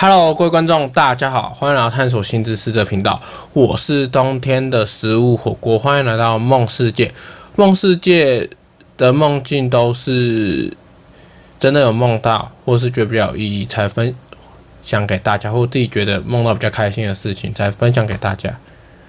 Hello，各位觀眾，大家好，歡迎來到探索新知識的頻道。我是冬天的食物火鍋，歡迎來到夢世界。夢世界的夢境都是真的有夢到，或是覺得比較有意義才分享給大家，或自己覺得夢到比較開心的事情才分享給大家。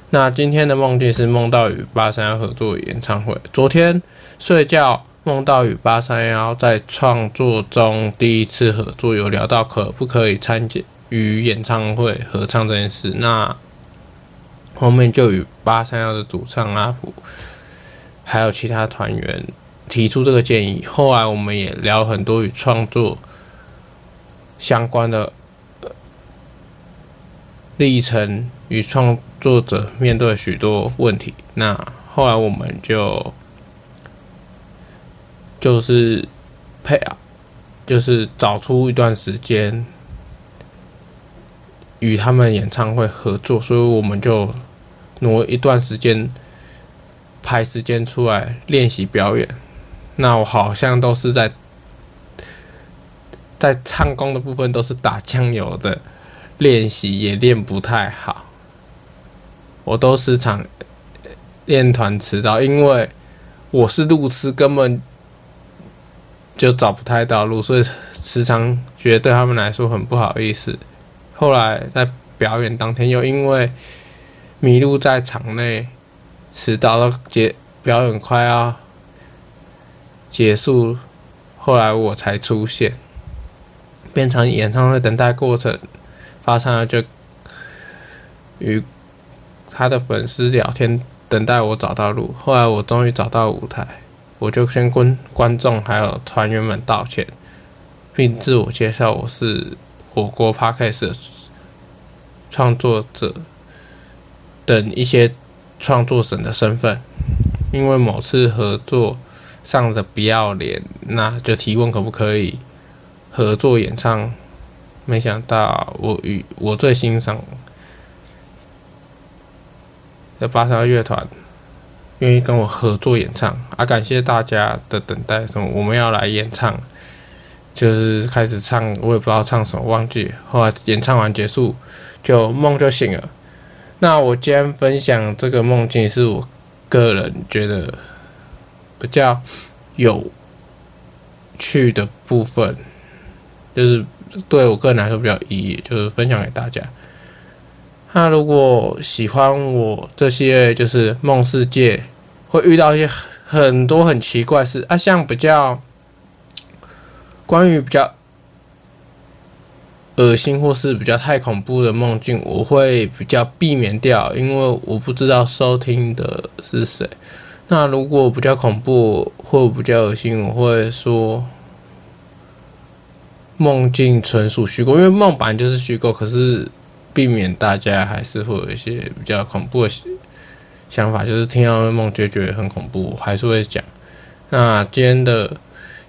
那今天的夢境是夢到與八三夭合作演唱會。昨天睡覺。夢到與八三夭在創作中第一次合作，有聊到可不可以參加與演唱會合唱這件事。那後面就與八三夭的主唱阿璞，還有其他團員提出這個建議。後來我們也聊很多與創作相關的歷程，與創作者面對許多問題。那後來我們就。就是配啊，就是找出一段時間與他們演唱會合作，所以我們就挪一段時間排時間出來練習表演。那我好像都是在在唱功的部分都是打醬油的，練習也練不太好，我都時常練團遲到，因為我是路痴，根本。就找不太到路，所以時常覺得對他們來說很不好意思。後來在表演當天，又因為迷路在場內，遲到了，結表演快要結束，後來我才出現，變成演唱會等待的過程發生了，就與他的粉絲聊天，等待我找到路。後來我終於找到舞台。我就先跟觀，觀眾還有團員們道歉，並自我介紹我是火鍋 Podcast 創作者等一些創作者的身份。因為某次合作上的不要臉，那就提問可不可以合作演唱？沒想到我與我最欣賞的八三夭樂團。願意跟我合作演唱啊！感謝大家的等待，什麼我們要來演唱，就是開始唱，我也不知道唱什麼，忘記。後來演唱完結束，就夢就醒了。那我今天分享這個夢境，是我個人覺得比較有趣的部分，就是對我個人來說比較有意義，就是分享給大家。那如果喜歡我這些就是夢世界。會遇到一些很多很奇怪的事啊，像比較關於比較噁心或是比較太恐怖的夢境，我會比較避免掉，因為我不知道收聽的是誰。那如果比較恐怖或比較噁心，我會說夢境純屬虛構，因為夢本來就是虛構。可是避免大家還是會有一些比較恐怖的。想法，就是聽到噩夢覺覺得很恐怖，還是會講。那今天的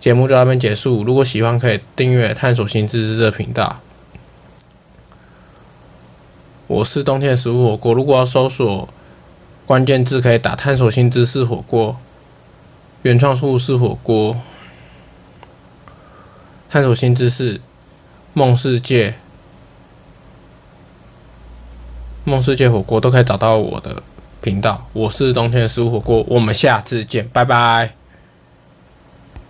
節目就到這邊結束。如果喜歡，可以訂閱“探索新知識”的頻道。我是冬天食物火鍋。如果要搜索關鍵字，可以打“探索新知識火鍋”、“原創故事是火鍋”、“探索新知識夢世界”、“夢世界火鍋”，都可以找到我的。頻道，我是冬天的十五火鍋，我們下次見，拜拜。